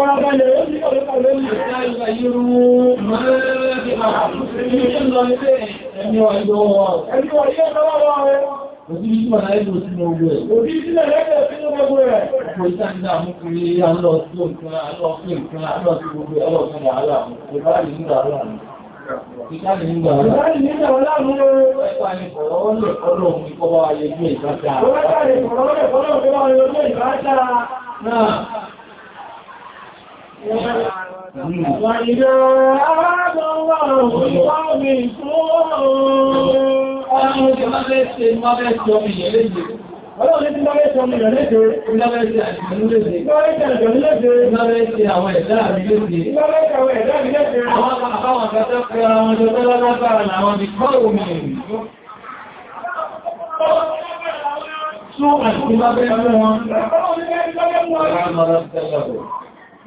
farabalẹ̀ ó ní sí ní ìṣẹ́lọ Òbí sílẹ̀ lẹ́gbẹ̀ẹ́ sínú ogun ẹ̀. Òbí sílẹ̀ lẹ́gbẹ̀ẹ́ sínú ogun ẹ̀. Ọ̀pọ̀ ìsáàdì àmúkùnrin alọ́ sí òkúnra, alọ́ sí òkúnra, alọ́ sí gbogbo ẹlọ́ sí àárá. Ìbáàlì nígbà aláàmù. Ìbáàlì nígbà aláàmù. Ìbáàlì nígbà aláàmù. Ìbáàlì fọ̀rọ̀wọ́lẹ̀ kọ́lọ̀ òun kọ́ bá ayẹjú ìbájá. Ìbáàlì fọ̀rọ̀wọ́lẹ̀ kọ́lọ̀ òun وإذا أراد الله بقوم سوءا Ọlọ́run ti lọ́rẹ́ sọ mìíràn lẹ́jọ́ ìlọ́rẹ́ sí àìsàn lẹ́jọ́ ìlọ́rẹ́ sí àìsàn lẹ́jọ́ ìlọ́rẹ́ sí àwọn ẹ̀dá mi lẹ́jọ́ ìlọ́rẹ́ sí àwọn ẹ̀dá mi lẹ́jọ́ àwọn àbáwọn kẹtẹ́ pẹ́ àwọn ọjọ́ tọ́lọ́lọ́gbàrà àwọn ìkọ́ omi ẹ̀rìn. Súnmọ̀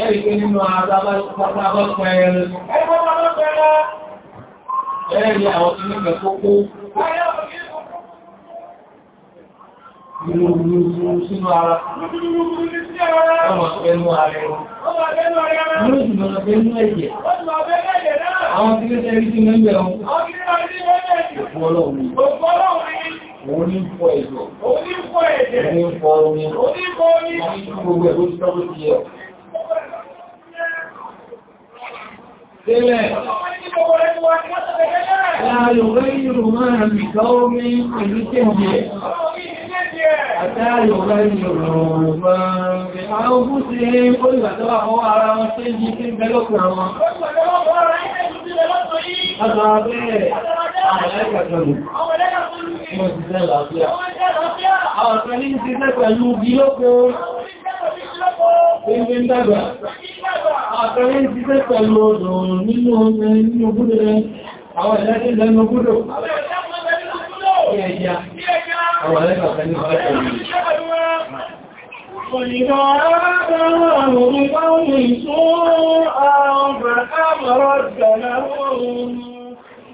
Ẹ̀rí pé nínú àbábọ́pọ̀ ẹ̀rẹ̀. Ẹ̀rí àwọn tí ní kẹ́kókó. Sínú ara. Ọmọ ẹnu ààrẹ. Ọmọ ẹnu ẹ̀jẹ̀. Àwọn tí ó tẹ́rí sí mẹ́gbẹ̀rún. Àwọn tí ó tẹ́rí sí mẹ́gbẹ̀rún. Òkú ọlọ́run òun ní fọ ẹ̀jọ̀ òun ní fọ ẹ̀jẹ̀ òun ní fọ omi òun ní fọ omi òun ní gbogbo ẹ̀ lójú tọ́gbọ́ ti yẹ Tẹ́lẹ̀, láàrín ọ̀rẹ́ ìrù máa rí gáómi pẹ̀lú tẹ́jẹ̀. Àtàrí ọ̀rẹ́ ìrù máa rí àwọn bú sí orí ìgbàtọ́wà ọwọ́ ara wọn tẹ́jì tí ń bẹ́lọ́pù àwọn. Látara bẹ́ẹ̀ àwọn ẹlẹ́kẹ̀ẹ́kẹ̀lú. Àwọn Àwọn ọ̀sán ní pẹ̀lú bí lókó. dàgbà. Àwọn ọ̀sán ní pẹ̀lú ọdọ̀ nínú ọmọ nínú gúdò Àwọn ẹlẹ́kẹ̀ẹ́kẹ̀lú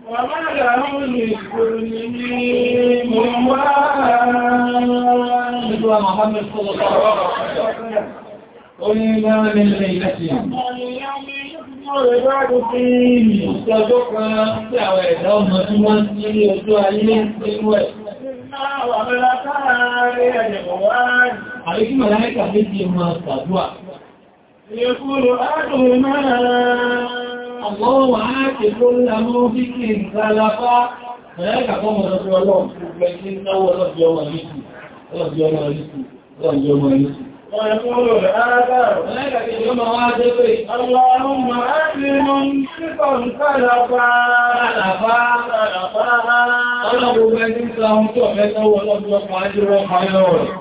Onígbà ní ilẹ̀ ilẹ̀ sí. Ọ̀rẹ́gbàgbò fi ìṣẹ́jọ́ kan sí àwọn ẹ̀dá ọmọ tí wọ́n sí ilé ojú ayé nínú ẹ̀. Àríkí màláríkà méjì máa tàdúà. Ìyẹ̀kúrò ádùn máa ọlọ́wọ́ áàkì ló ń la mọ́ bí kí n lálapá ẹ̀ẹ́kà fọ́mọ̀ lọ́jọ́ ọlọ́run gbogbo ẹ̀kí ń náwọ́ lọ́jọ́ ọmọ yìí lọ́jọ́ ọmọ yìí lọ́jọ́ ọmọ yìí ويقول هذا لك اليوم واجبي اللهم أكرم شكرا خلفا خلفا خلفا طلبوا بيتك لهم تحفظوا والأطلق أجر خير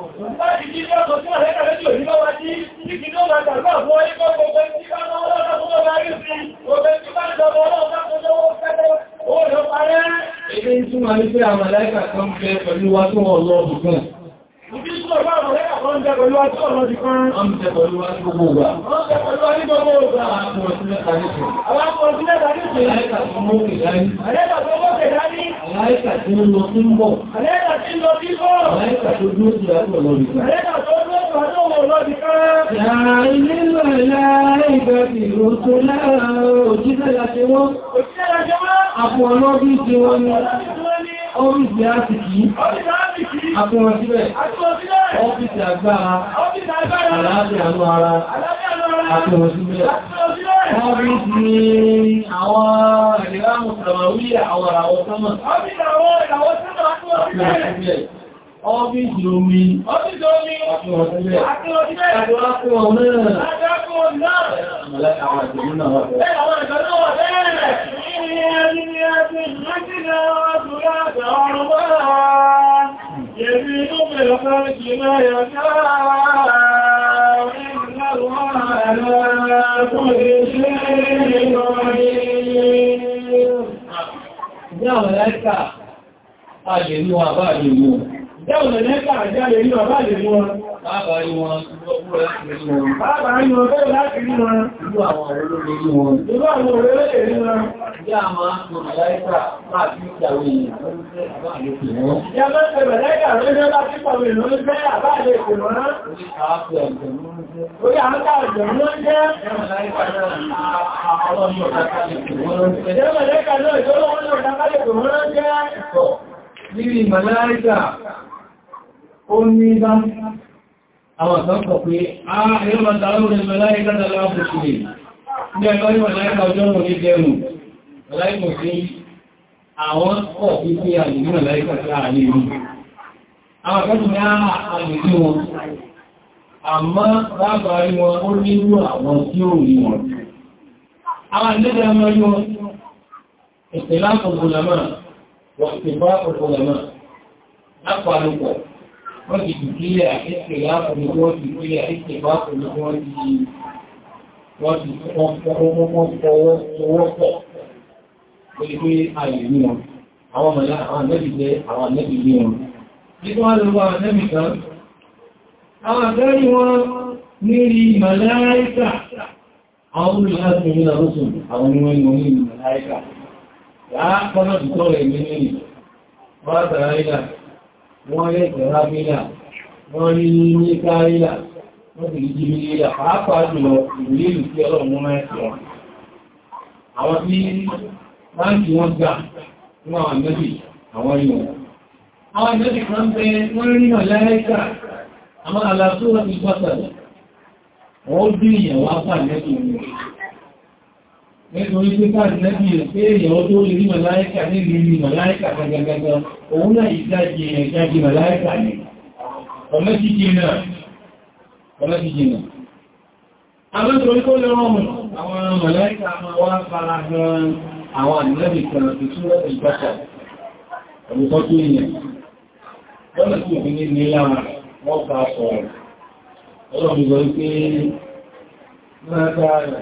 Ilé ìtumà ní pé àwọn aláìkà kan bẹ pẹ̀lú wa tó wọ́n lọ ọdún kan. Ìbísọ̀ bá àwọn aláìkà kan bẹ pẹ̀lú wa tó wọ́n lọ ọdún kan. Wọ́n bẹ pẹ̀lú wa ní gbogbo ọgbà. Wọ́n bẹ pẹ̀lú wa ní gbogbo ọgbà. Àwọn akọ̀ọ̀sílẹ̀ tàbí ṣe. Àwọn Màláìkà tí ó lọ sí ń bọ̀. Màláìkà tí ó lọ sí bọ̀. Màláìkà tó dúró sí àtọ̀ lọ́bì. Màláìká tó dúró sí àtọ̀ lọ́bì ká. Ìrìn ìlú ìlà ìgbà tí ó tó lára òjíṣẹ́ láti wọ́n. Òjíṣẹ́ láti wọ́n. Àpò ọlọ́bí ti wọ́n ni. Ọ́fíìsì àtìkì. Ọ́fíìsì àtìkì. Àpò ọ̀sílẹ̀. Àpò ọ̀sílẹ̀. Ọ́fíìsì àgbára. Ọ́fíìsì àgbára. Àlàáfíà Wọ́n rí ní àwọn ìlàmù sàmàwí àwọn àwọn sọ́mọ̀. Ọ́fíìsì àwọn ìlàwọ́ sọ́mọ̀ àti ọ̀sílẹ̀. Ọ́fíìsì omi. Ọ́fíìsì omi. Àti ọ̀sílẹ̀. Àti ọ̀sílẹ̀. Àti ọ̀sílẹ̀. Àti ọ̀sílẹ̀. Àti ọ̀sílẹ̀. Àti ọ̀sílẹ̀. Àti ọ̀sílẹ̀. Àti ọ̀sílẹ̀. الله على كل شيء قدير. Ní àwọn ẹ̀ka, a lè ní wọn àbá àjò mú. Jẹ́wọ̀n lẹ́gbà àjáre ní bàbá lè mú wọn. Bàbá rí wọn, bẹ́ẹ̀ láti rí wọn. Ìlú àwọn olóòrè rí wọn. Ìlú àwọn olóòrè rí wọn. Ìyá máa ń pọ̀ láìpàá máa fi ìjàwó èèyàn. Ìyá máa ń pẹ̀ mẹ̀lẹ́gbà rẹ̀ ní ọlá pípọ̀ rẹ̀ lórí bẹ́ẹ̀ àbá lè pè wọ́n. Orí àmúkà àjẹ̀mú ló jẹ́ ó ní bá àwọn kan sọ pé a ah, yóò máa tààrà òun mẹ́láìkà tààrà àpòṣìlè ní ẹ̀kọ́ ní mẹ́láìkà ọjọ́ òun ní jẹun mẹ́láìkà sí àwọn kọ̀ fi pé àlèmí mẹ́láìkà sí àlèmí àwọn kan tún ní àlèmí wọn àmọ́ bàbá rí wọn ó nírú àwọn tí ó rí wọn àwọn ìlẹ́gbẹ̀ẹ́ ọmọ yóò ìpìlá wọ́n ti kù sílẹ̀ àkíkè láàpù wọ́n ti sílẹ̀ àkíkè báàpù ní wọ́n ti wọ́n ti fọwọ́ pẹ̀lú pé àwọn mọ̀lá àwọn anẹ́bì àwọn anẹ́bì wọn nígbà wọ́n lọ́wọ́ anẹ́bì kan àwọn àgbẹ́rí wọn ní wọ́n rẹ̀ ìtẹ̀rábílà wọ́n rí ní kárílà wọ́n sì jí ní ilẹ̀ pàápàá jùlọ ìwúlélù sí ọlọ́run mọ́ mẹ́sì wọn àwọn tí báńkì wọ́n gbà fún àwọn mẹ́bì àwọn ìwọ̀n àwọn mẹ́bì kan bẹ wọ́n rí náà láẹ́kà àwọn àlàsó láti pàtàkì wọ́n bí ìyàwó apá mẹ́bì wọn nítorí pé káàdì lẹ́bí rẹ̀ pé èèyàn tó lè rí màláíkà ní lè rí màláíkà gagagaga òun náà ìdájì èèyàn jáde màláíkà ní ọmọ́síjì náà ọmọ́síjì náà àwọn tó kó lè rọrùn àwọn màláíkà máa wá fara gan àwọn ànìyàn kan tó tún lọ́pẹ̀ ìgbàkọ̀ ọ̀rùkọ́ tó yẹn lọ́nà tó fi ní nílá wọ́n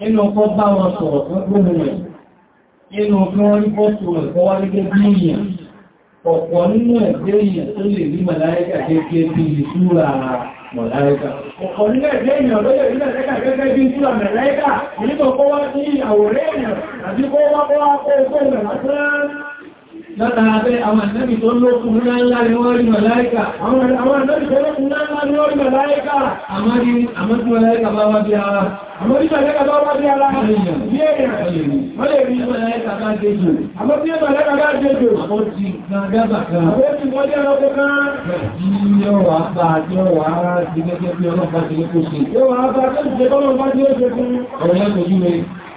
nínú ọkọ̀ bá wọn sọ̀rọ̀ fún gbóhùn rẹ̀ nínú kí wọ́n rí pọ́tù rẹ̀ gẹ́gẹ́ bí èèyàn ọ̀pọ̀ nínú ẹ̀gbẹ́ èèyàn tó lè rí màláíkà gẹ́gẹ́ bí ìṣúra màláíkà ọ̀pọ̀ nínú ẹ̀gbẹ́ èèyàn ló lè rí màláíkà gẹ́gẹ́ bí ìṣúra màláíkà nínú láta abẹ́ àwọn ànábì tó lókun ńláńlá ni wọ́n rí màláíkà àwọn ànábì tó lókun ńláńlá ni wọ́n rí màláíkà àmárí àmọ́tí màláíkà bá wá bí ara àmọ́rí màláíkà bá wá bí ara ní èèyàn wọ́n lè rí màláíkà bá jẹjọ àmọ́tí màláíkà bá jẹjọ àmọ́tí gbàgbà kan àmọ́tí wọ́n jẹ́ ọkọ̀ kan yóò wá bá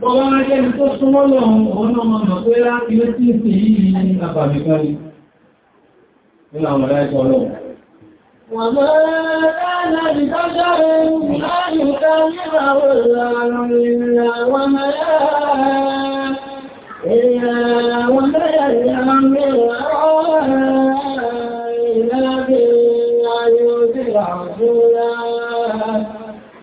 Bọ́lá ẹni tó súnmọ́ lọ́run ọ̀nà ọmọ pé láti lé tí ìsìn yìí ní àbàmìkárí nínú àwọn ọ̀rẹ́ ẹ̀kọ́ lọ́wọ́. Wọ́n mọ́ láàrín àdìdájọ́ ẹ̀rùn láàrín ìta nígbà wọ́n láàrín àwọn mẹ́rẹ́ ẹ̀rẹ́ àwọn mẹ́rẹ́ ẹ̀rẹ́ àwọn mẹ́rẹ́ ẹ̀rẹ́ ẹ̀rẹ́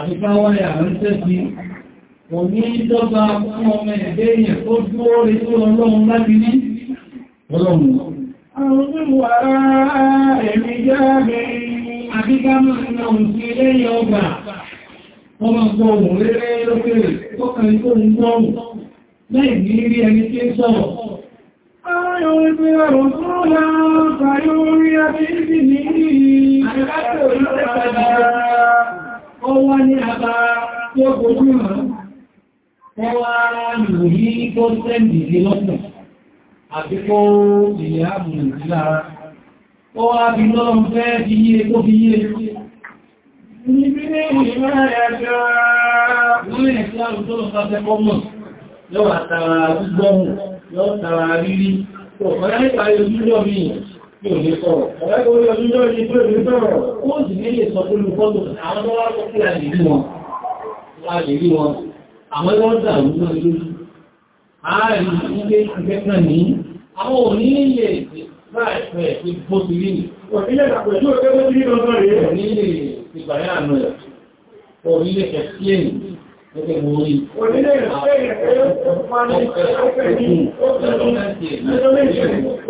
àbíkáwọ́ rẹ̀ àrẹ́sẹ́ sí òní ìjọba fún ọmọ ẹ̀dẹ́ èèyàn tó dúró rí tó lọ́lọ́run láti ní ọlọ́run àwọn olúwà ẹ̀mí jáàbẹ̀ àbíkáwọ́ náà sí lẹ́yìn ọgbà ọmọ ọgbọ̀ ohun rere lókèrè tó kàn ní ohun gbọ́rùn lẹ́yìn ní rí ẹni tí ń sọ̀rọ̀ Ayọ̀ ìgbé ọ̀rọ̀ tó láàá fàyó orí àti ìdí ní ìrìn àti láti orí ọ̀rọ̀ ó wọ́n ní àbá tí ó gojú hàn wọ́n wá lù ní tó sẹ́ndì sí lọ́pọ̀ àti kó ìyá àmùnà lára ó wá bí lọ́rùn fẹ́ fi yíye tó fi yíye níbi ní ìrìnlẹ́ ẹ̀ṣẹ́ lórí ní òní sọ̀rọ̀. Ọ̀rẹ́ orí ọdúnjọ́ ní pé òní sọ̀rọ̀, ní àwọn tó wá sọ pé a lè rí wọn. A lè rí wọn. Àwọn ẹgbẹ́ wọ́n dàrú náà lójú. Ààrí ilé ìgbẹ́ náà ní àwọn òní lè láìpẹ́ ti bó ti rí. Ònílẹ̀ ìgbàgbẹ̀jú ọjọ́ tó ti rí lọ́sọ̀rọ̀ rẹ̀. Ònílẹ̀ ìgbàgbẹ̀ àná rẹ̀. Ònílẹ̀ kẹ̀kẹ́ Gẹ́gẹ́ bó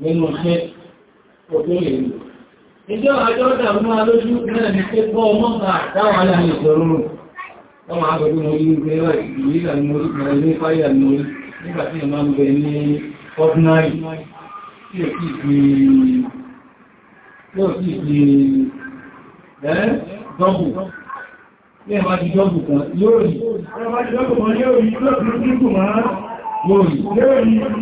nínú iṣẹ́ òtún lè Ìjọ àjọ dàmú alójú náà ní pé kọ́ ọmọ àdáwà láàrin ìṣòro rùn. Wọ́n máa gbogbo mo rí ìgbé rẹ̀ ìlú ìlànà orí ìpínlẹ̀ ní fáyà ní yóò kí yóò rí. yóò rí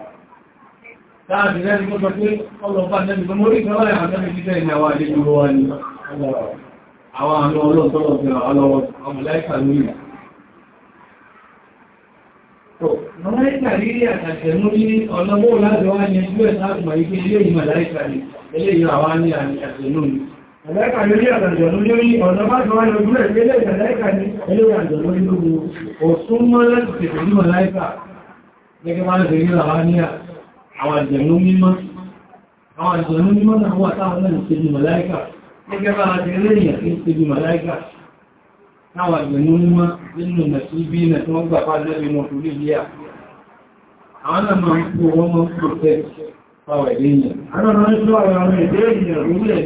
láàrin rẹ̀ ní gbogbo pé ọlọ́pàá nẹ́bí tó mórí kan láyé àjẹ́ ìjíṣẹ́ ilẹ̀ wa ilé ìlú wa ní àwọn àmì ọlọ́tọ́lọ́ fi hàn lọ́wọ́ ọmọláìkà lórí Mọ̀láìkà rí àtàṣẹ̀ mú ní ọlọ́wọ́ láti wá ní ẹgbẹ́ ìsáàtùmọ̀ ike ilé ìmọ̀láìkà ní ilé ìyàwó ní àtàṣẹ̀ mú ní. Mọ̀láìkà rí àtàṣẹ̀ mú ní ọ̀nà bá jọ wá ní ojú ẹgbẹ́ ilé ìmọ̀láìkà ní ilé ìrìnàjò lórí lógún. mọ́ láti àwọn àjẹ̀nú mímọ́ àwọn àjẹ̀nú mímọ́ náà wà táwọn náà ṣe bí màláíkà gẹ́gẹ́ bá ti rẹ̀yìn àti ṣe bí màláíkà táwọn àjẹ̀nú mímọ́ nínú nà sí bí nà tí wọ́n gbà fà lẹ́bí wọn tó lè yíyà àwọn náà máa ń kó wọn mọ́ pòtẹ́ Àwọn ènìyàn. Àwọn ọmọ ìṣọ́ àwọn ẹ̀dẹ́ ènìyàn orílẹ̀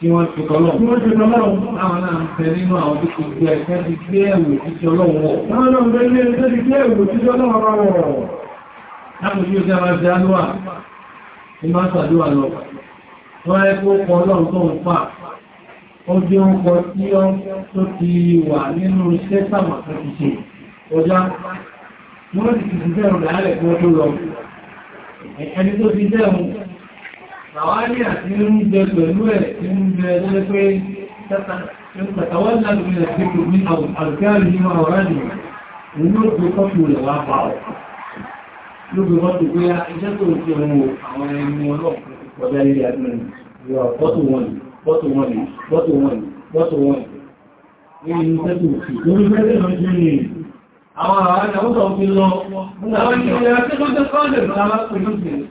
tí wọ́n ti tọ́lọ̀. Tí wọ́n ti tọ́lọ̀ àwọn náà ń tẹ gbé ẹ̀kẹ́ ti gbé ẹ̀wò títí ọlọ́run wọ̀. Wọ́n náà ń bẹ ilé ti gbé ẹ̀wò títí ọlọ́run wọ̀. Láàmù yóò jẹ́ ara jẹ́ alúwà, ní máa sàdúwà lọ. Wọ́n rẹ̀ kó kọ ọlọ́run tó ń fà. Ó jẹ́ ọkọ̀ tí ó tó ti wà nínú tó ti ṣe. Ọjà, wọ́n ti ti ti bẹ̀rù láàrẹ̀ kí wọ́n tó ti bẹ̀rù Àwárí àti ń jẹ pẹ̀lú ẹ̀ tí ń jẹ lẹ́lẹ́ pé tàtàwọ́lá lórí ẹ̀sìnkú ní àrùkárí ní ọ̀rá ni òun ló gbé kọ́pù rẹ̀ wá bá ọ̀. Ló gbé kọ́pù pé iṣẹ́ tó ti ohun àwọn ẹni ọlọ́pọ̀dá ilé àdúrin yọ pọ́tò wọn ni, pọ́tò wọn ni, pọ́tò wọn ni, pọ́tò wọn ni. Ní iṣẹ́ tó ti, lórí mẹ́rin lọ sí ni àwọn àwọn àwọn tó ti lọ, àwọn ìṣẹ̀lẹ̀ àti tó ti kọ́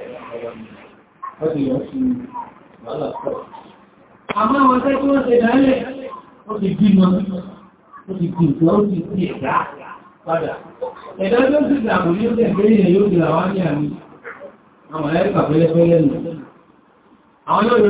ọdíyàn àwọn tẹ́ tí wọ́n ṣe dálẹ̀, ó ti bí mọ́, ó ti bí ìgbà, ó ti bí ẹ̀dá padà. Ẹ̀dá tó ti dàbò ní ó tẹ̀gbé ilẹ̀ yóò di ní àmì. Àwọn ẹ̀rí kàfẹ́lẹ́fẹ́lẹ́ nù. Àwọn yóò yóò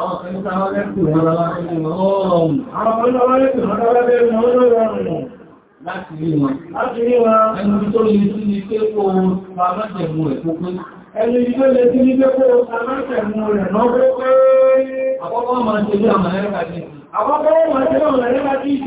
Àwọn kan ní sáwọn lẹ́kùn lọ́wọ́ lọ́rùn. Àwọn kan lọ́wọ́ lẹ́kùn lọ́wọ́ lọ́rùn. Láti rí wọn. Láti rí wọn. Ẹnu tó lè sí ní pé kó pàmọ́jẹ̀mú ẹ̀ tó pín. Ẹnu tó lè sí ní pé kó pàmọ́jẹ̀mú rẹ̀ lọ́wọ́ pé. Àkọ́kọ́ máa ṣe ní àmà ẹ̀rẹ́kà ti. Àkọ́kọ́ máa ọmọ ẹ̀sìn.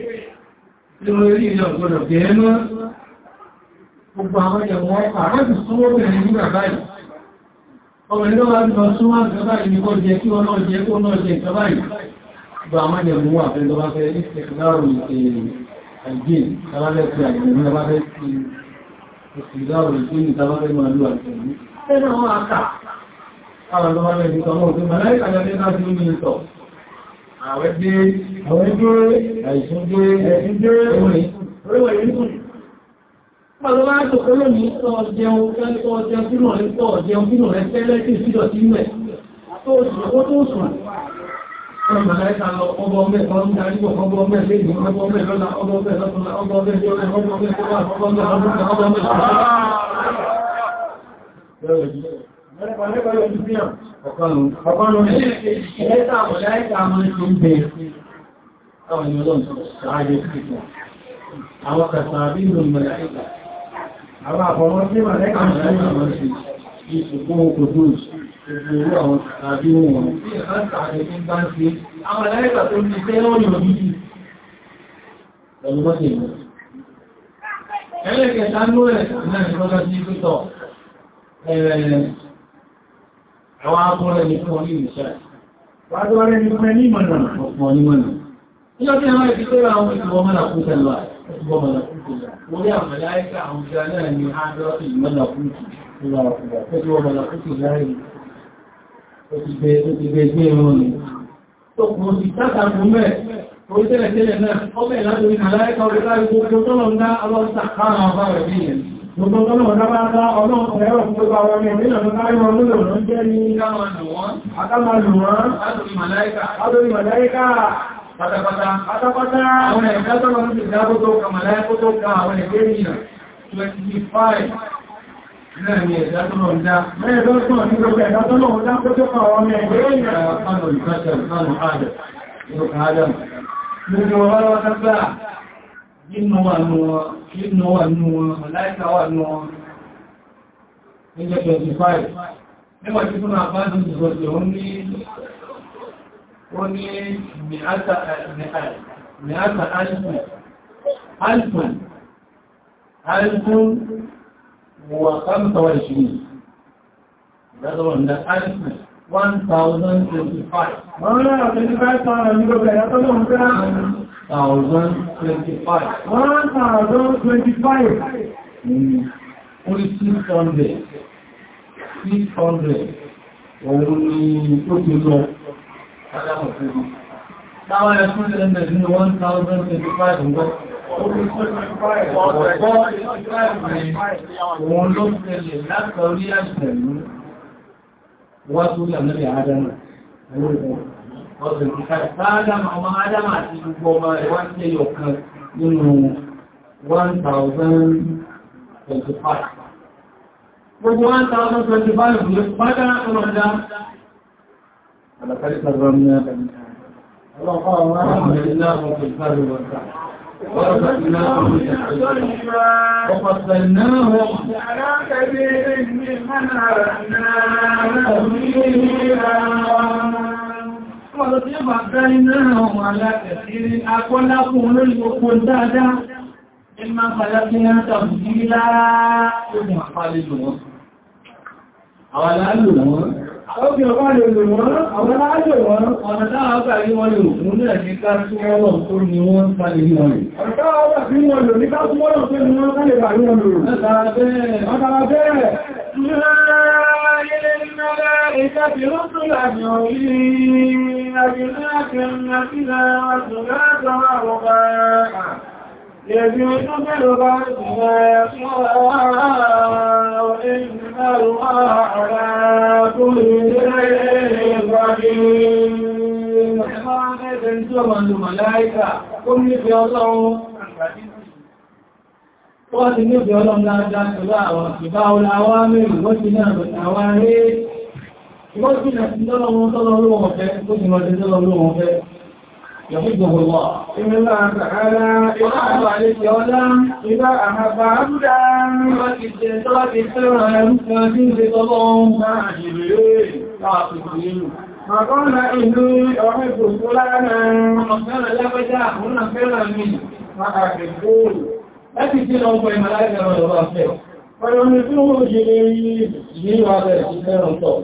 lórí ilẹ̀ ọ̀gbọ̀dọ̀ bí mọ́ gbogbo àwọn ìyàwó àrẹ́bì súnmọ́ bẹ̀rẹ̀ nígbà báyìí ọmọ ilé wá lọ súnmọ́ àgbà yìí kọ́ jẹ kí wọ́n jẹ kó náà jẹ ìjọ báyìí gbogbo àwọn ìyàwó wà fẹ́ lọ bá fẹ́ ìsẹ̀kìdárò ìgbìn tàbálẹ́ ti àgbẹ̀mí lọ bá fẹ́ ti àwọn ẹgbẹ́ àìsùn dé ẹ̀sùn dé orin oríwẹ̀ yìí nù pàtàkì máa tó kọ́ lónìí tọ́ jẹun tọ́ jẹun sínú rẹ̀ tọ́ jẹun sínú rẹ̀ tẹ́lẹ̀ tí ìsídọ̀ sí mẹ́ tó sùn ó tó sùn Ọmọ ẹ̀ta lọ ọgbọ́ mẹ́ ọdún darí bọ̀ ọgbọ́ mẹ́ lẹ́yìn ọgbọ́ mẹ́ lọ́la ọgbọ́ mẹ́ lọ́tọ́lá ọgbọ́ mẹ́ lọ́la táwọn àwọn kàtàbí ìlú fún ọ ní ìṣẹ́. Wà rẹ̀ ní fún ẹ ní ìmọ̀nà ọ̀pọ̀ onímọ̀nà. Ilé ọdún àwọn ìdíkọ́ àwọn ìgbọ́ mọ́làkútà lọ, ìgbọ́ mọ́làkútà lọ. Wọ́n ní àmàláíkà àwọn ìjọ náà ni a dọ́ ìmọ́làkútà lọ́wọ́ pẹ̀lú mọ́làkútà láàrin. Ó ti gbé ẹgbẹ́ ìrún ni. Tó kùn sí tátàkùn mẹ́, orí tẹ́lẹ̀ tẹ́lẹ̀ náà, ọmọ ìlàdórí àláíkà orí láàrin gbogbo tọ́lọ̀ ń dá alọ́ta káàrà bá rẹ̀ bí i. Gbogbo tọ́lọ̀ ń dá bá dá ọlọ́run ẹ̀rọ fún gbogbo àwọn ọmọ ìrìnà lọ láàrin ọlọ́run lọ́jẹ́ ní káwọn àdùnwọ́n, àtàmàlùwọ́n, àdùnmàláíkà pátápátá àwọn ẹ̀dá tó lọ́nà ti dábò tó kà màláíkó tó ká àwọn ẹgbẹ́ ènìyàn 25 náà ni ẹ̀dá tó lọ́nà dá mẹ́rin tó sọ ní gbogbo ẹ̀dá tó lọ́nà dá tó kà àwọn ẹgbẹ́ ènìyàn kánù ìkáṣẹ̀ kánù adam inú kan adam gbogbo ọ̀rọ̀ ọ̀tọ́gbà inú wà nù wọn inú wà nù wọn màláíkà wà nù wọn nígbà 25 nígbà tí fún àbájú ìgbọ̀sẹ̀ ó ní ó ní mìíta alfun alfun alfun wà kàmtàwà ìṣìí ìdádọ́wà ní alfun 1025 wọ́n rẹ̀ àti 25,000 ní gbogbo ẹ̀yà tó lọ́wọ́ pẹ́lá 1025 1025 orí 600 600 òun ni ó ti lọ Táwọn ẹ̀kùn lè mẹ̀ nínú 1,025 ǹgọ́. Ọ̀pọ̀ òun ló tẹ̀lé láti orí àṣẹ̀lú wá tó lè mẹ́rin Adama. Ọ̀sẹ̀ ìkàtà Adama, ọmọ Adama àti gbogbo ọmọ ẹ̀wá tẹ́ yọ kan nínú 1,025. Gbogbo 1,025 ló pátá ọmọdá ولقد كرمناك وحملناهم في البر والبحر ورزقناهم من الطيبات وفضلناهم على كثير ممن أردناهم Ọ̀rọ̀ tí ó bá dárí náà wọn alákẹ̀ẹ́rí akọ́lákùn olórin gbogbo dáadáa, ẹ máa pàdájí náà tàbí jí lára ó mọ̀ àpálẹ̀ lò wọ́n. Àwọn aláàlò wọ́n, Ọjọ́ ọba lè lò wọ́n, àwọn aláàjò wọn, ọ̀nà táwọn ọba yí wọ́n lè òkun náà ní ká súnmọ́ lọ tó ní wọ́n ń pàdé ní ọ̀rẹ́. Ọ̀tá ọba sí wọ́n lò ní ká súnmọ́ lọ tó ní wọ́n kálẹ̀ bà ní wọ́n lò. Ọ̀tá bẹ́ẹ̀. Ọ̀tá bẹ́ẹ̀. Ìrìnlẹ̀ ìrìnlẹ̀ ìrìnlẹ̀ يبين بالغرب ما يشاء إن الله على كل شيء قدير ما نزل جمل الملائكة قم في الله Wọ́n ti ní ìfẹ́ ọlọ́run dáadáa pẹ̀lú àwọn ìbá oláwá mẹ́rin wọ́n ti náà àwọn aré. Wọ́n ti náà ti lọ́lọ́run ọ̀fẹ́, ó ti mọ̀ sí tọ́lọ́run ọ̀fẹ́. يحبه الله إن الله تعالى يرحب عليك ولا إذا أحب عبدا وكذلك السر يمكن في ظلم عجبين عاطفين فقال إني أحب فلانا وكان لبدا هنا خيرا مني فأحبون لكن في الأوبة ملائكة من الله خير فيمكنه جليل جليل هذا الشيطان الطول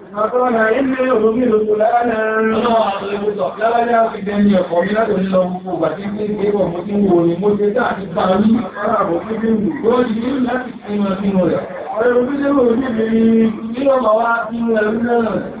Àtọ́nà ilé òmìnir òṣùlárà náà lábájá fi dẹni ẹ̀kọ́ mi láti onílọ gbogbo ìgbà tí ní ìgbé ọmọ tí wò ní mo ṣe dáa ti bá rí àpáràbọ̀ tí bí mú tó yí láti fi mọ̀ sínú rẹ̀. Ọ̀rẹ́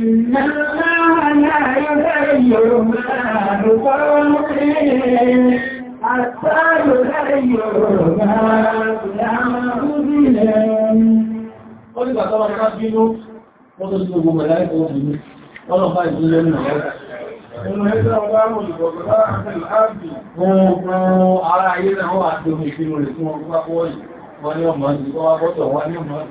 إن الله لا يغير ما بقوم حتى يغيروا ما بأنفسهم Ọdígbà tọ́wọ́ ká bínú, wọ́n tó sí ọlọ́pàá ìjìnlẹ̀ nínú ọ̀rọ̀. ẹgbẹ́ ọgbà mọ̀ ìgbọ̀gbọ̀ láàrín àbì, ọmọ ara ayé náà wà tí ó fi ìpinnu rẹ̀ fún ọgbà pọ́ọ̀lì wọ́n ní ọmọ ìlú wọ́n bọ́tọ̀ wọ́n ní ọmọ يسعين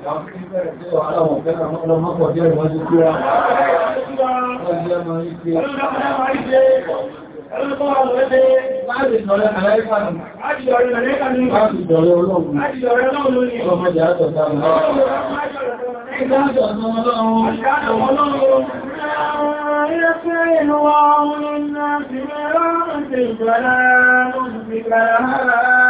الله للناس برحمة البلاء مذبك لها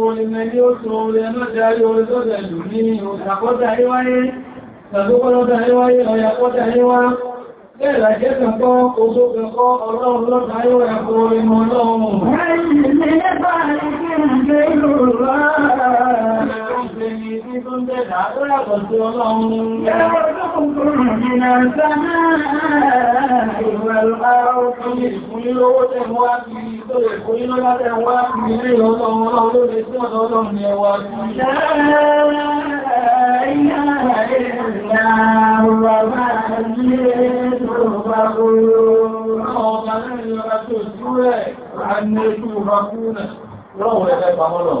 orin mẹ́lé ó tún orin ẹ̀nà darí orin tó dẹ̀lú ní òṣàkọ́ta ẹwáyé ṣàdókọ́lọ́ta ẹwáyé ọ̀yàkọ́ta ẹwá bẹ́ẹ̀ làjẹ́ kẹ́kọ́ oṣókẹ́kọ́ ọlọ́run lọ́ta ẹwà kọ́ orin ọlọ́run lẹ́ni tí tó ń tẹ́dà ó yàtọ̀ sí ọlọ́run. Ẹ̀rọ tó kún kúrò nínú sáà ìwẹ̀ ọ̀rọ̀ tó lè fún lówó tẹ̀wọ́ á fi tó lè fún lọ́lá tẹ̀wọ́ á fi ilé ọlọ́run ọlọ́run ló lè sí ọ̀dọ̀ ọlọ́run ẹwà sí. Ọ̀pàá lẹ́yìn ọ̀rọ̀ tó ìjú rẹ̀, a ní ojú ọmọkúnrẹ̀, lọ́wọ́ ẹgbẹ́ pàmọ́lọ̀.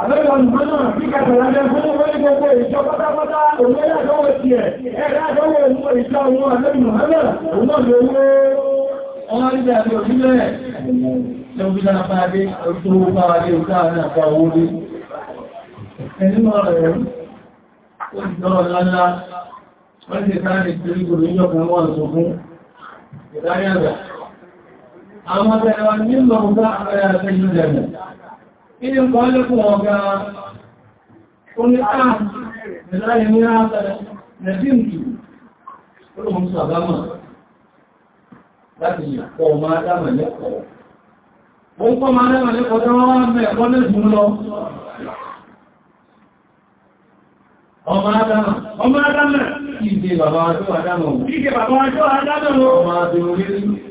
Àbẹ́lọ ìgbóná bí kẹfẹ̀rẹ̀ ẹgbẹ́ fún orílẹ̀-èdè ìjọ pátápátá òmìnira àjọwọ̀ ti ẹ̀, ẹ̀rẹ́ àjọwọ̀ ìlú ìjọ àwọn àlẹ́bìnà ọ̀rẹ́ òmìnà lówó ọmọ ilẹ̀ àti òmìnira ẹ̀. Ṣé ó bí lára bá dé, ó tó bá wà dé, ó káà náà bá owó dé. Ẹni mọ́ rẹ̀ ó ti dọ́rọ̀ lálá, wọ́n ti sáré ìtorí gbogbo ìjọ kan wọ́n sọ fún ìdárí àgbà. Àwọn ọmọ ẹ̀rọ ní ìlọ́gbà àgbà ilé kan lẹ́kùn ọ̀gá oní ààrùn ìlàrí ní ààrẹ nẹ̀bíǹkì olóhun sàbámà láti ìkọ̀ ọmọ adámà lẹ́kọ̀ọ́ wọ́n kọ́ ma adámà lẹ́kọ̀ọ́ tó wọ́n wọ́n mẹ́ ẹ̀kọ́ lẹ́sùn lọ ọmọ adámà ọmọ adámà ìdè bàbá àjọ́ adámà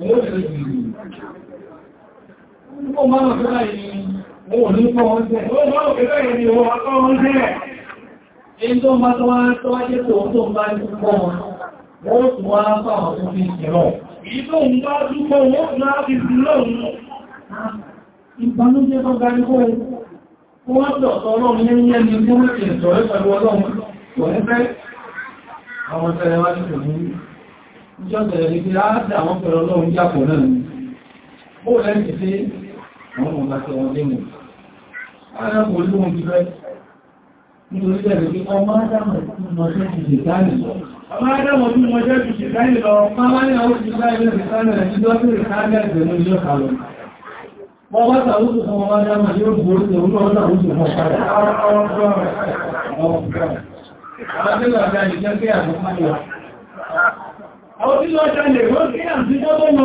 Èyí tó máa tó wá tó wá jẹ́ ní púpọ̀ wọn, wọ́n tó wá bá wọn tó ń fẹ́ àwọn tẹ́rẹ wá ní ìjọ́bẹ̀rẹ̀ ní kí láti àwọn pẹ̀rọ lọ́run yàpọ̀ náà ni ó lẹ́yìn ti sí àwọn ọmọ àti ọmọ lẹ́mù arákò olóhun ti rẹ̀ nítorí bẹ̀rẹ̀ pé ọmọ adámọ̀ tí mo jẹ́ ti ṣètáni lọ ọmọ adámọ̀ tí mo jẹ́ ti ṣètáni lọ máa ní àwọn ti láì lẹ́sẹ̀ sáré rẹ̀ nígbà tó rẹ̀ sáré ẹgbẹ̀rún ilé ọ̀kà lọ wọ́n bá tàwùsù fún ọmọ adámọ̀ yóò borí ìwúlò ọ̀nà àwùsù fún ọ̀pára ọmọ ọ̀pára ọmọ ọ̀pára أوصي الله تعالى، أوصي الله تعالى، أوصي الله تعالى،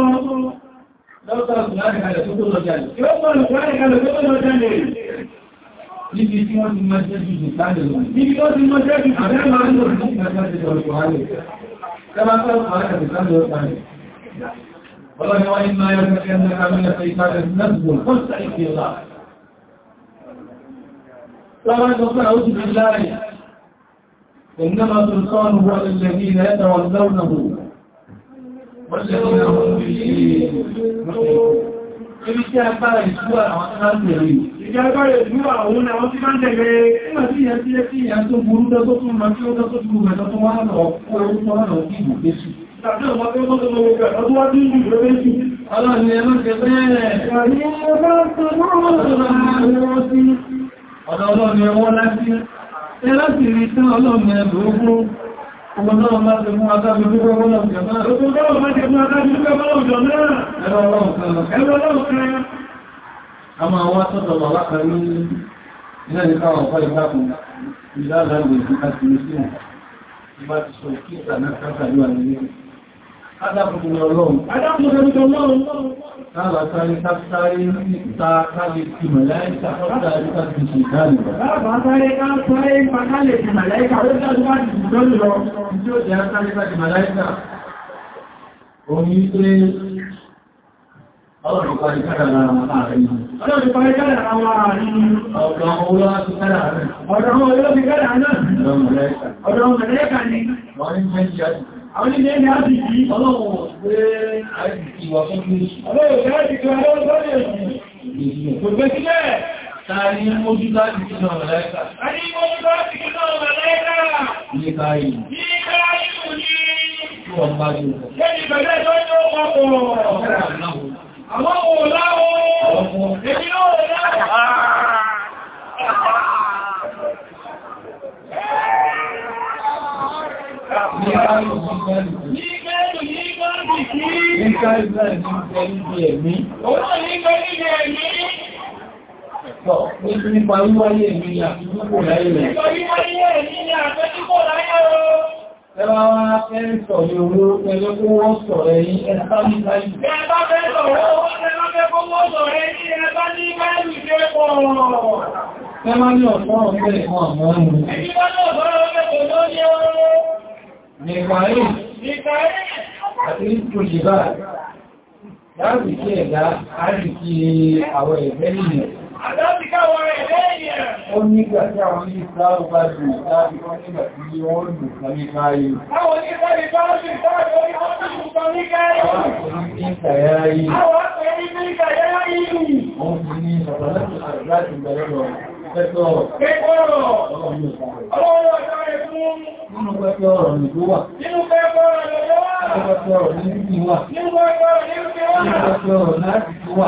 أوصي الله تعالى، أوصي الله تعالى، أوصي الله تعالى، أوصي الله تعالى، أوصي الله تعالى، أوصي الله تعالى، أوصي الله تعالى، أوصي الله تعالى، أوصي الله تعالى، أوصي الله تعالى، أوصي الله تعالى، أوصي الله تعالى، أوصي الله تعالى، أوصي الله تعالى، أوصي الله تعالى، أوصي Ibi tí agbára ìṣúwà àwọn tí máa ń tẹ̀lé. Ìjẹ́ agbára ìṣúwà àwọn ni àwọn tí máa ń tẹ̀lé. Nígbà tí ìyẹn tí yẹ́ sí ìyẹn tó burú tẹ́ tó tún máa tí ó tẹ́ tó tún mẹ́ta tó wá lọ fún orúkọ lọ sí ìbùgbésù. Tàbí ọmọ tí ó mọ́ tó mọ́ gbogbo ẹ̀ ọdún wá tí ìlú ìgbẹ́gbẹ́sù. Ọlọ́run ni ẹ máa ń tẹ̀ bẹ́ẹ̀. Ọ̀dọ̀ ọlọ́run ni ẹ wọ́n láti. Ẹ láti rí tán ọlọ́run ni ẹ Ọmọdọ́wọ́n bá ti mú adájú tó gbọ́gbọ́ lọ́wọ́ jọ náà. Ọmọdọ́wọ́n bá ti mú adájú tó gbọ́gbọ́ lọ́wọ́ jọ náà. Ẹ̀rọ ọlọ́run kan. Ẹ̀rọ ọlọ́run kan. A máa wá tọ́tọ̀ bàbá kan ní ilé ìkáwọn ọ̀pọ̀ ìgbàkùn ìlàdàgbò ìfúkà sí ní sí wọn. Ìbá ti sọ kí ìtànà káàkiri wà nílé adábùnrin ọlọ́run adábùnrin ọlọ́run Káàbà sáré káàkiri ta káàkiri ti màláíkà ọ́dá àríkà ti ṣe ìdánilọ. Káàbà sáré káàkiri pàtàlẹ̀ ti màláíkà ọ́dá àríkà ti ṣe ìdánilọ. Ìjọ́ ìjẹ́ àríkà ti màláíkà. Òun ní pé ọlọ́run parí kádàrà àwọn àárín. Ọlọ́run parí kádàrà àwọn àárín. Ọ̀gbọ̀n olóòrùn láti kádàrà rẹ̀. Ọ̀dọ̀ àwọn olóòrùn kádàrà náà. Ọ̀dọ̀ màláíkà ni. Wọ́n ń mẹ́ Àwọn ilé ni a ti yí ọlọ́run pé àìsìkí wà fún ní. Ọlọ́run pé àìsìkí wà lọ́rọ̀ lọ́rọ̀ Kò gbé sílẹ̀, tààrí mójú láti kí náà mẹ́lẹ́kà. A ní mójú láti kí náà mẹ́lẹ́kà. Ní káyìí. Ní káyìí mú ní. Tí wọ́n nípa wíwáyé mi àti púpọ̀ láyé rẹ̀. Ẹbá wá fẹ́ sọ ní owó ẹgbẹ́ kó wọ́n sọ ẹ̀yìn ẹ̀ta ní báyìí. Ẹbá fẹ́ sọ owó ẹgbẹ́ kó wọ́n sọ ẹ̀yìn ẹ̀ta ní báyìí jẹ́ pọ̀. Ẹbá ní ọ̀pọ̀ ọ̀pẹ́ ìkan àmọ́ ọ̀run. Ẹbá ní ọ̀pọ̀ ọ̀pẹ́ ìkan àmọ́ ọ̀run. Nìkàrí. Nìkàrí. Àti ìtòjìbá. Láàrín sí ẹ̀dá, àríkì àwọn ẹ̀fẹ́ nìyàn. Àdábìkáwọ̀ rẹ̀ lẹ́yìn ẹ̀. Ó nígbà tí àwọn ní ìsáàrù bá jù láti wọ́n nígbà tí wọ́n lù kan káyé. Àwọn ní ìsáàrù bá jù láti wọ́n lù kan káyé. Àwọn ní ìsáàrù bá jù láti wọ́n lù kan káyé. Pẹ́kọ́ ọ̀rọ̀ ni tó wà. Nínú pẹ́kọ́ ọ̀rọ̀ ni wà.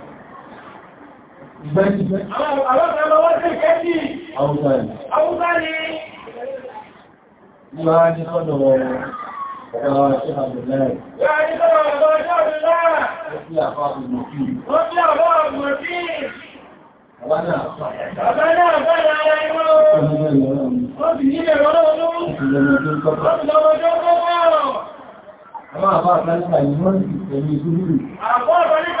Ìgbẹ́jì. Àwọn ọ̀pẹ́ ọwọ́ sí kẹ́jì. Àwúgbà ni. Àwúgbà ni. Ìgbà ni kọ́dọ̀ wọn. Ọ̀pẹ́ ọwọ́ sí àbẹ̀ lẹ́rẹ̀. Ìgbà ni kọ́dọ̀ wọn sí àbẹ̀ lẹ́rẹ̀. Ó sí àfáà mọ̀ sí. Ó sí àfáà mọ̀ sí. Àbá náà fàyà. Àbá náà fàyà Àwọn àbá àtàríkà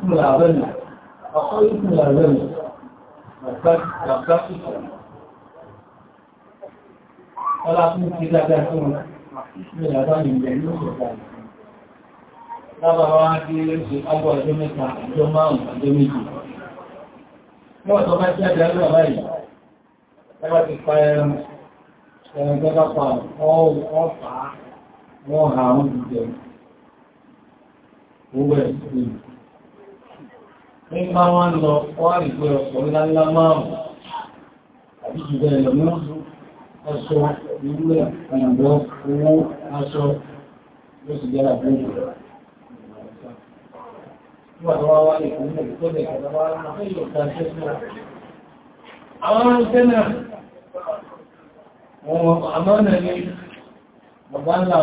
اسم العبنة أقل اسم العبنة ولا أقول كذا lábàbá wá kí lóṣù agbọ́ ọjọ́ mẹ́ta ọjọ́ márùn-ún ọjọ́ méjì wọ́n tó bá jẹ́ ẹgbẹ́ báyìí ẹgbẹ́ ti pa ẹran ẹran tó pa wọ́n fà wọ́n ha wọ́n ti jẹ gbogbo ẹ̀ nípa wọn lọ wọ́n rí pé ọ̀pọ̀ ńláńlá márùn-ún àti jù bẹ́ẹ̀ lọ ní ọdún owó aṣọ ló sì yára fún ìjọ Àwọn ọ̀sẹ́ náà, wọn àmọ́ náà ní bàbá ńlá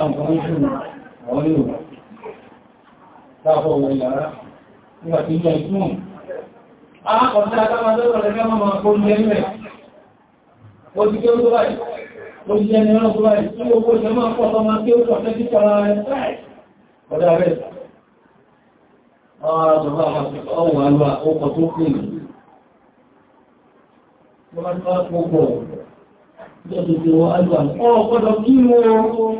nígbà tí ilẹ̀ ìtún alákọ̀ọ́sẹ́ agbábádọ́rọ̀ rẹ̀ mọ́ máa kó ní ẹ̀rẹ́ ó ti kéwú tó báyìí ó ti jẹ́ ẹ̀rọ tó báyìí tí owó ìjọ máa pọ̀ tó máa kéwú tó ọ̀tẹ́ títà rẹ̀ ọ̀dá rẹ̀ ọwọ́ àlúwà ọkọ̀ tó kú ní wọ́n tó bá pọ̀pọ̀ lọ́dọ̀dọ̀ àlúwà ọ̀pọ̀dọ̀ kí wọ́n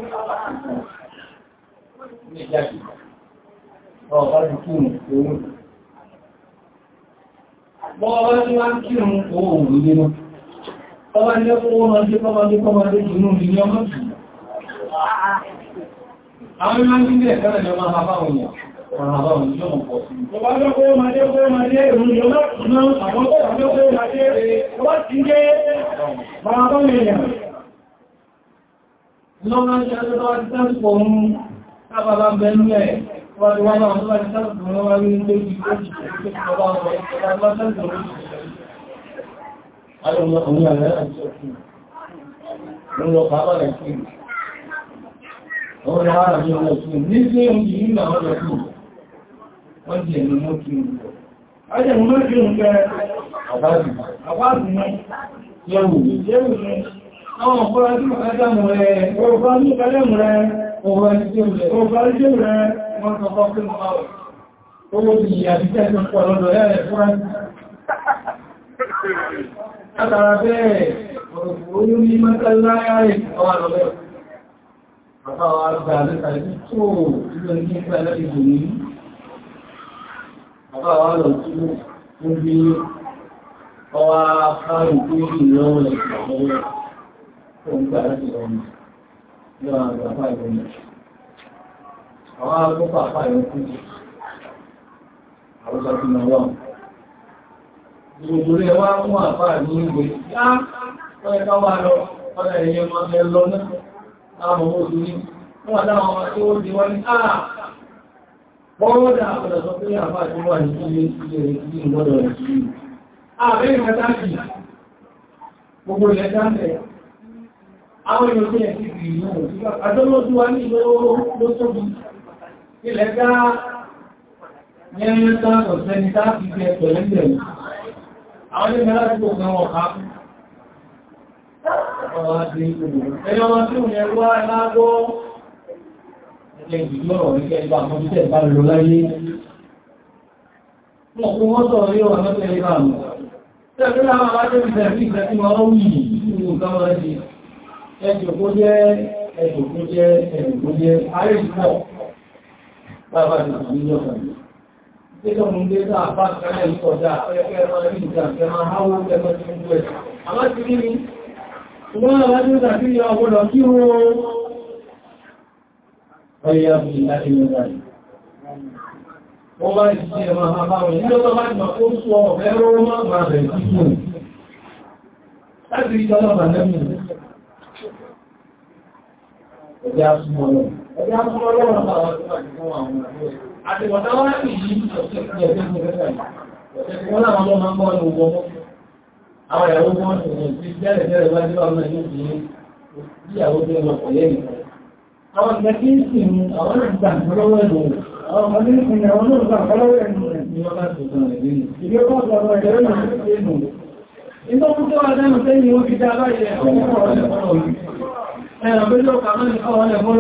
ọ̀pá Ọba ní ọkọ̀ owó máa ń jùlọ ní ọmọ jù. Àwọn ìmọ̀ ń gbílẹ̀ kẹ́rẹ̀ ni àbáwọn èèyàn. àbáwọn ìjọ́ pọ̀ sí. Ọba ní ọkọ̀ owó wọ́n ti wá náà wọ́n ti sáàtù wọ́n wá rí ilé ìgbé ìgbé ọba ọmọ ìjọba lọ́sẹ̀lẹ̀ Àwọn ọ̀pọ̀lọpọ̀ ẹgbẹ́ mọ̀ rẹ̀, ọ̀pọ̀lọpọ̀ ẹgbẹ́ mọ̀ rẹ̀, ọ̀pọ̀lọpọ̀ ẹgbẹ́ mọ̀ rẹ̀, wọ́n tó kọ́ fún ọmọ owó ti yà bí tẹ́sán pọ̀ lọ́dọ̀ ẹ̀rẹ̀ fúránsì látara bẹ́ẹ̀ olú ní mẹ́tẹ́lá ayé ọwà lọ́dọ̀ bàbá wa gbà lẹ́ta ibi tó ilé ní ìpẹ́ lẹ́gbẹ̀ẹ́ ní bàbá wa lọ sí níbi ọwà fáàrù tó yìí àwọn agbọ́pàá àpá ìrúkú àwọn ṣàfihàn wà ìgbògbòrí ẹwà fún àpá ní ìgbè yá wọ́n ẹ̀ká wà lọ ọ̀dá ẹ̀yẹ máa lọ náà àwọn oṣù ní wọ́n wà láwọn ọmọ tí ó di wọ́n ní àà bọ́ọ̀dà ilẹ̀ dá yẹ́rẹ́ta ọ̀sẹ́ni táàkì jẹ pẹ̀lẹ́gbẹ̀rẹ̀ àwọn ilẹ̀ mẹ́lá tí kò gan ọ̀ká ọ̀rọ̀ àti ọ̀rọ̀ ẹgbẹ̀ ìgbà tí wọ́n wù wọ́n rẹ̀ kó jẹ́ ẹjọ́ kó jẹ́ ẹjọ́ kó jẹ́ ayé ìfọ̀ bàbá àwọn tí ó kí ó ọ̀yẹ́ àbí láti mú dáyì. Wọ́n bá ìṣẹ́ ẹ̀mà àbáwọn ìlú tó bá jùmọ̀ ó sọ ẹ̀rọ máa máa rẹ̀ títù. Láti rí ìjọ́ lọ́bàá lẹ́mù. súnmọ́ lọ́wọ́ ẹgbẹ́ àkọ́kọ́ lọ́wọ́ àwọn àti àwọn àwọn àti wọ́n tán wọ́n rí yìí ọ̀sẹ̀ ìgbẹ̀ẹ́gbẹ̀ ìgbẹ̀ẹ́gbẹ̀ wọ́n láwọn ọmọ máa ń bọ́ ní ogun ọmọ àwọn ìyàwó wọn ti rìn sí jẹ́rẹ̀ jẹ́rẹ̀ wájú ọmọ ìlú bí ìyàwó bí ọmọ pẹ̀lẹ́ nìkan àwọn ìgbẹ́ kí ń sì mú àwọn ìgbà lọ́wọ́ ẹ̀lú àwọn ọmọdé ìpínlẹ̀ àwọn olóògbà lọ́wọ́ ẹ̀lú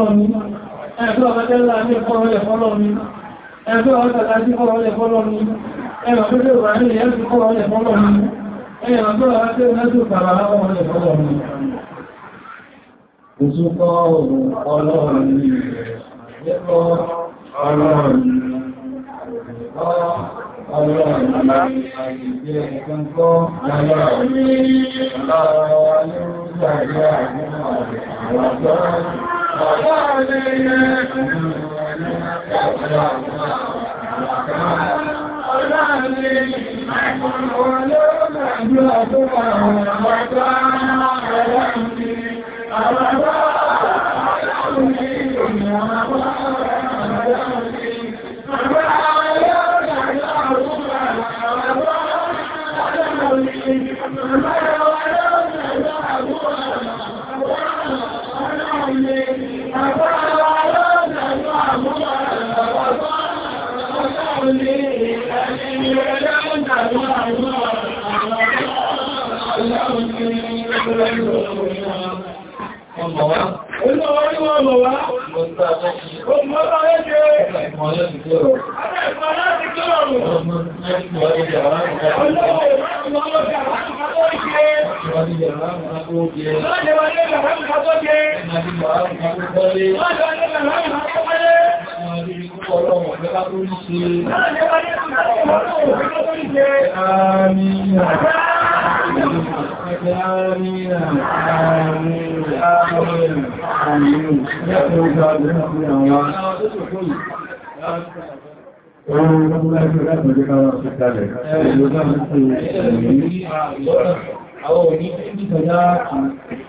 ni wọ́n bá ẹ̀fẹ́ ọ̀fẹ́lá ní ọ̀fọ́rọ̀lẹ̀ fọ́lọ́run ní ẹ̀fẹ́ ọ̀fẹ́lá sí fọ́rọ̀lẹ̀ fọ́lọ́run ní ẹ̀rọ̀ pé lè wà ní ẹ̀yẹ́ sí fọ́rọ̀lẹ̀ ọlọ́run ọlọ́run ní ẹ̀kọ́ ọlọ́run ní ẹ̀kọ́ ọlọ́run Àwọn ará tó ṣe Ọ̀rọ̀ ìgbàmúlá ìgbàmúlá ìgbàmúlá ìgbàmúlá ìgbàmúlá ìgbàmúlá ìgbàmúlá